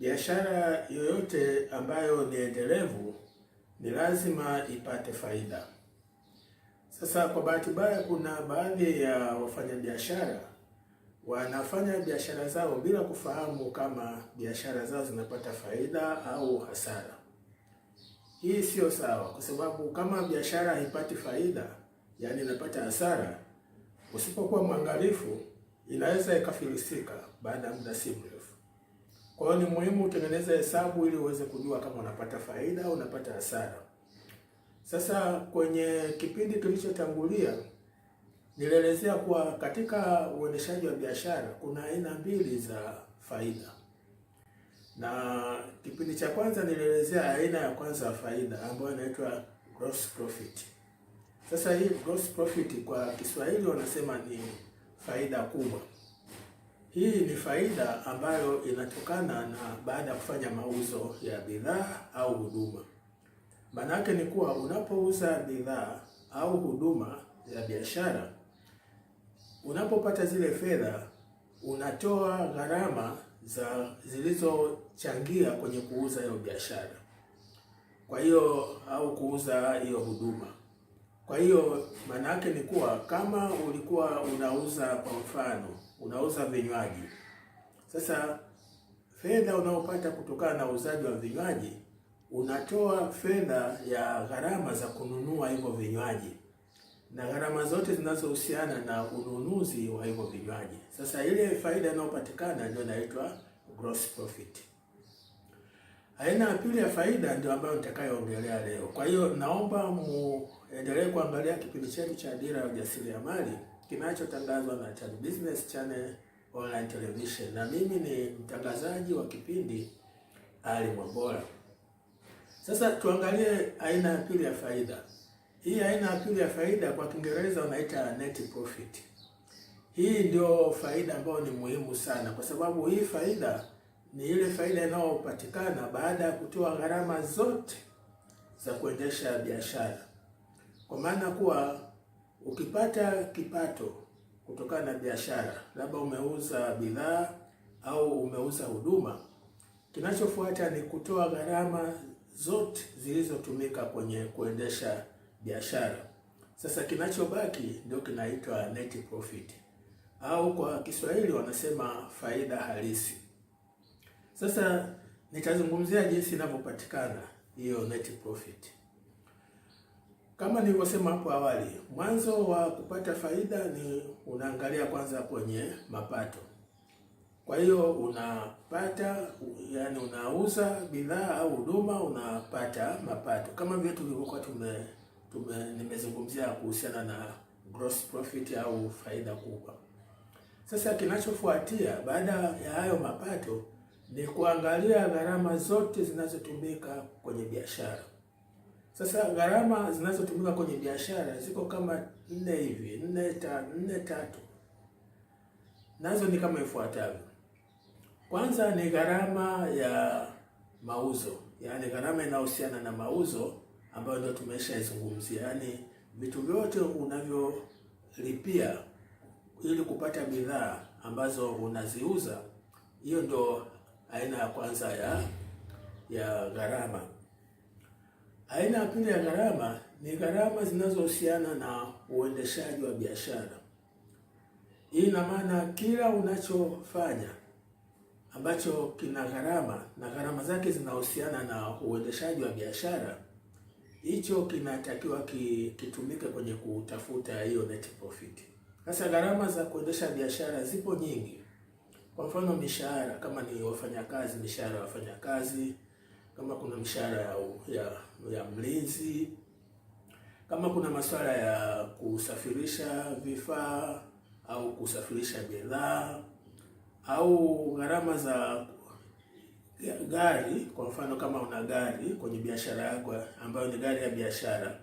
Biashara yoyote ambayo ni endelevu ni lazima ipate faida. Sasa kwa bahati mbaya, kuna baadhi ya wafanyabiashara wanafanya biashara zao bila kufahamu kama biashara zao zinapata faida au hasara. Hii siyo sawa, kwa sababu kama biashara haipati faida, yaani inapata hasara, usipokuwa mwangalifu, inaweza ikafilisika baada ya muda si mrefu. Kwa hiyo ni muhimu utengeneze hesabu ili uweze kujua kama unapata faida au unapata hasara. Sasa kwenye kipindi kilichotangulia nilielezea kuwa katika uendeshaji wa biashara kuna aina mbili za faida, na kipindi cha kwanza nilielezea aina ya kwanza ya faida ambayo inaitwa gross profit. Sasa hii gross profit kwa Kiswahili wanasema ni faida kubwa. Hii ni faida ambayo inatokana na baada ya kufanya mauzo ya bidhaa au huduma. Maana yake ni kuwa unapouza bidhaa au huduma ya biashara, unapopata zile fedha unatoa gharama za zilizochangia kwenye kuuza hiyo biashara, kwa hiyo au kuuza hiyo huduma. Kwa hiyo maana yake ni kuwa kama ulikuwa unauza, kwa mfano, unauza vinywaji, sasa fedha unaopata kutokana na uuzaji wa vinywaji, unatoa fedha ya gharama za kununua hivyo vinywaji na gharama zote zinazohusiana na ununuzi wa hivyo vinywaji. Sasa ile faida inayopatikana ndio inaitwa gross profit. Aina ya pili ya faida ndio ambayo nitakayoongelea leo. Kwa hiyo naomba muendelee kuangalia kipindi chetu cha Dira ya Ujasiriamali kinachotangazwa na Tan Business Channel Online Television, na mimi ni mtangazaji wa kipindi Ali Mwambola. Sasa tuangalie aina ya pili ya faida. Hii aina ya pili ya faida kwa Kiingereza wanaita net profit. Hii ndio faida ambayo ni muhimu sana, kwa sababu hii faida ni ile faida inayopatikana baada ya kutoa gharama zote za kuendesha biashara, kwa maana kuwa ukipata kipato kutokana na biashara, labda umeuza bidhaa au umeuza huduma, kinachofuata ni kutoa gharama zote zilizotumika kwenye kuendesha biashara. Sasa kinachobaki ndio kinaitwa net profit, au kwa Kiswahili wanasema faida halisi. Sasa nitazungumzia jinsi inavyopatikana hiyo net profit. Kama nilivyosema hapo awali, mwanzo wa kupata faida ni unaangalia kwanza kwenye mapato. Kwa hiyo unapata, yani unauza bidhaa au huduma, unapata mapato kama vile tulivyokuwa tume, tume nimezungumzia kuhusiana na gross profit au faida kubwa. Sasa kinachofuatia baada ya hayo mapato ni kuangalia gharama zote zinazotumika kwenye biashara. Sasa gharama zinazotumika kwenye biashara ziko kama nne hivi, nne ta, nne tatu, nazo ni kama ifuatavyo. Kwanza ni gharama ya mauzo, yaani gharama inayohusiana na mauzo ambayo ndio tumeshaizungumzia, yaani vitu vyote unavyolipia ili kupata bidhaa ambazo unaziuza, hiyo ndo aina ya kwanza ya ya gharama. Aina ya pili ya gharama ni gharama zinazohusiana na uendeshaji wa biashara. Hii ina maana kila unachofanya ambacho kina gharama na gharama zake zinahusiana na uendeshaji wa biashara, hicho kinatakiwa kitumike kwenye kutafuta hiyo net profit. Sasa gharama za kuendesha biashara zipo nyingi kwa mfano mishahara, kama ni wafanyakazi, mishahara ya wafanyakazi, kama kuna mishahara ya, ya, ya mlinzi, kama kuna masuala ya kusafirisha vifaa au kusafirisha bidhaa au gharama za gari. Kwa mfano kama una gari kwenye biashara yako ambayo ni gari ya biashara,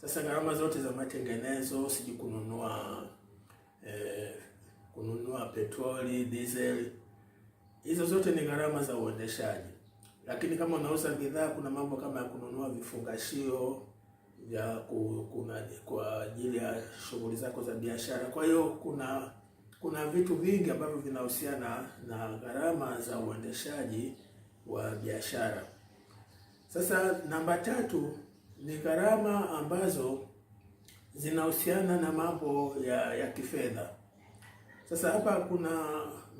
sasa gharama zote za matengenezo, sijui kununua eh, kununua petroli, diesel. Hizo zote ni gharama za uendeshaji, lakini kama unauza bidhaa, kuna mambo kama ya kununua vifungashio vya kuna kwa ajili ya shughuli zako za biashara. Kwa hiyo kuna kuna vitu vingi ambavyo vinahusiana na gharama za uendeshaji wa biashara. Sasa namba tatu ni gharama ambazo zinahusiana na mambo ya, ya kifedha. Sasa hapa kuna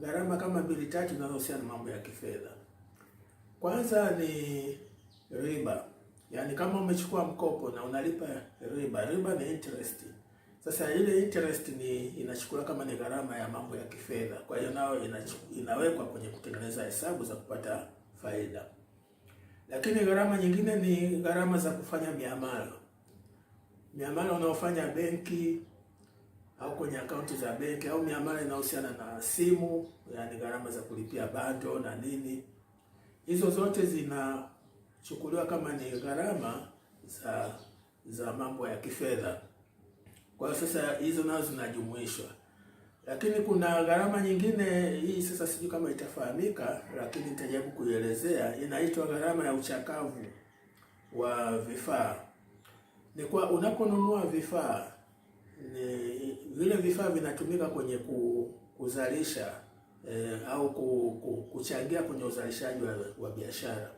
gharama kama mbili tatu zinazohusiana na mambo ya kifedha. Kwanza ni riba, yaani kama umechukua mkopo na unalipa riba, riba ni interest. Sasa ile interest ni inachukua kama ni gharama ya mambo ya kifedha, kwa hiyo nayo inawekwa kwenye kutengeneza hesabu za kupata faida. Lakini gharama nyingine ni gharama za kufanya miamala, miamala unaofanya benki au kwenye akaunti za benki au miamala inayohusiana na simu, yani gharama za kulipia bando na nini, hizo zote zinachukuliwa kama ni gharama za za mambo ya kifedha. Kwa hiyo sasa hizo nazo zinajumuishwa, lakini kuna gharama nyingine hii sasa, sijui kama itafahamika, lakini nitajaribu kuielezea. Inaitwa gharama ya uchakavu wa vifaa. Ni kwa unaponunua vifaa ni vile vifaa vinatumika kwenye kuzalisha eh, au kuchangia kwenye uzalishaji wa, wa biashara.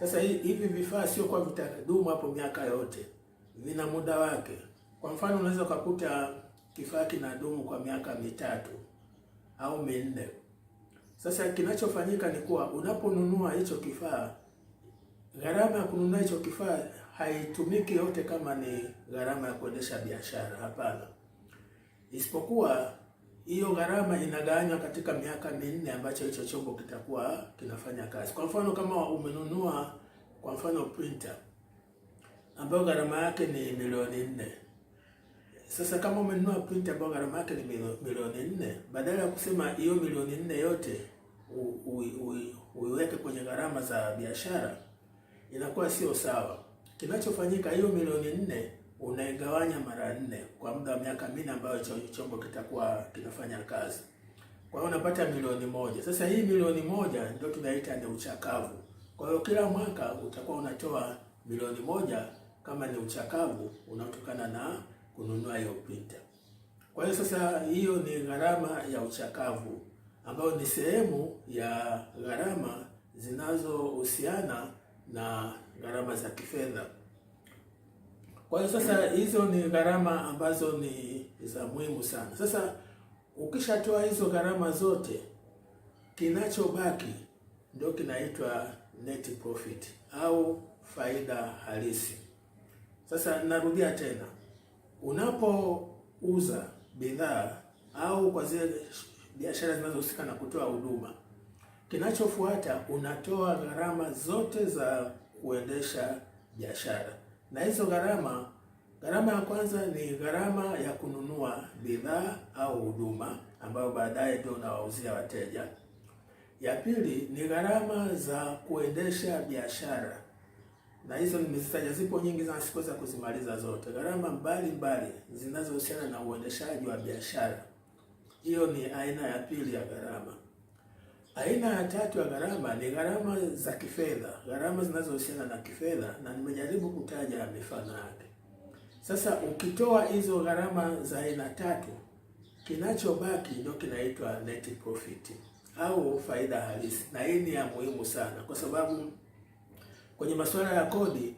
Sasa hivi vifaa sio kwa vitadumu hapo miaka yote, vina muda wake. Kwa mfano, unaweza ukakuta kifaa kinadumu kwa miaka mitatu au minne. Sasa kinachofanyika ni kuwa unaponunua hicho kifaa, gharama ya kununua hicho kifaa haitumiki yote kama ni gharama ya kuendesha biashara. Hapana isipokuwa hiyo gharama inagawanywa katika miaka minne ambacho hicho chombo kitakuwa kinafanya kazi. Kwa mfano kama umenunua kwa mfano printer ambayo gharama yake ni milioni nne. Sasa kama umenunua printer ambayo gharama yake ni milioni nne, badala ya kusema hiyo milioni nne yote uiweke kwenye gharama za biashara, inakuwa sio sawa. Kinachofanyika, hiyo milioni nne unaigawanya mara nne kwa muda wa miaka minne ambayo chombo kitakuwa kinafanya kazi. Kwa hiyo unapata milioni moja. Sasa hii milioni moja ndio tunaita ni uchakavu. Kwa hiyo kila mwaka utakuwa unatoa milioni moja kama ni uchakavu unaotokana na kununua hiyo printer. Kwa hiyo sasa hiyo ni gharama ya uchakavu ambayo ni sehemu ya gharama zinazohusiana na gharama za kifedha. Kwa hiyo sasa hizo ni gharama ambazo ni za muhimu sana. Sasa ukishatoa hizo gharama zote, kinachobaki ndio kinaitwa net profit au faida halisi. Sasa narudia tena, unapouza bidhaa au kwa zile biashara zinazohusika na kutoa huduma, kinachofuata unatoa gharama zote za kuendesha biashara na hizo gharama, gharama ya kwanza ni gharama ya kununua bidhaa au huduma ambayo baadaye ndio unawauzia wateja. Ya pili ni gharama za kuendesha biashara, na hizo nimezitaja, zipo nyingi sana, sikuweza kuzimaliza zote. Gharama mbalimbali zinazohusiana na uendeshaji wa biashara, hiyo ni aina ya pili ya gharama. Aina ya tatu ya gharama ni gharama za kifedha, gharama zinazohusiana na kifedha, na nimejaribu kutaja mifano yake. Sasa ukitoa hizo gharama za aina tatu, kinachobaki ndio kinaitwa net profit au faida halisi, na hii ni ya muhimu sana, kwa sababu kwenye masuala ya kodi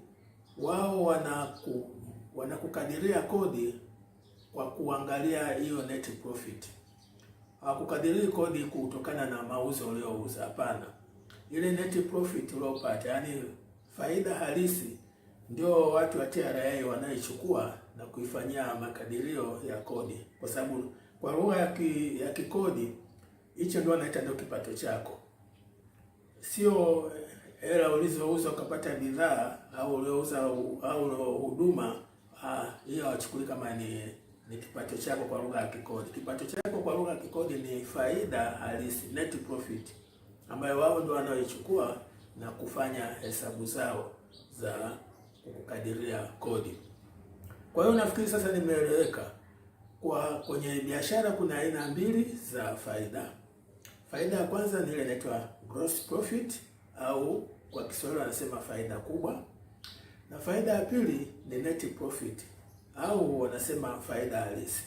wao wanaku- wanakukadiria kodi kwa kuangalia hiyo net profit hawakukadirii ah, kodi kutokana na mauzo uliouza. Hapana, ile net profit uliopata, yaani faida halisi, ndio watu wa TRA wanaichukua na kuifanyia makadirio ya kodi, kwa sababu kwa lugha ya, ki, ya kikodi hicho ndio wanaita ndio kipato chako, sio hela ulizouza ukapata bidhaa au uliouza au huduma. Ah, hiyo hawachukuli kama ni ni kipato chako kwa lugha ya kikodi. Kipato chako kwa lugha ya kikodi ni faida halisi, net profit, ambayo wao ndio wanaoichukua na kufanya hesabu zao za kukadiria kodi. Kwa hiyo nafikiri sasa nimeeleweka. Kwa kwenye biashara kuna aina mbili za faida. Faida ya kwanza ni ile inaitwa gross profit au kwa Kiswahili wanasema faida kubwa, na faida ya pili ni net profit au wanasema faida halisi.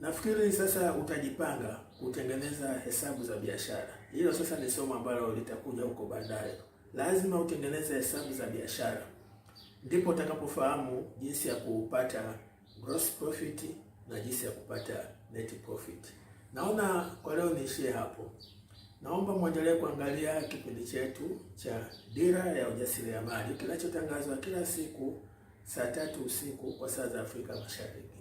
Nafikiri sasa utajipanga kutengeneza hesabu za biashara. Hilo sasa ni somo ambalo litakuja huko baadaye. Lazima utengeneze hesabu za biashara, ndipo utakapofahamu jinsi ya kupata gross profit na jinsi ya kupata net profit. Naona kwa leo niishie hapo. Naomba mwendelee kuangalia kipindi chetu cha Dira ya Ujasiriamali kinachotangazwa kila siku saa tatu usiku kwa saa za Afrika Mashariki.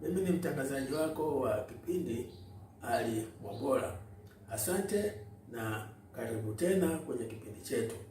Mimi ni mtangazaji wako wa kipindi Ali Mwambola. Asante na karibu tena kwenye kipindi chetu.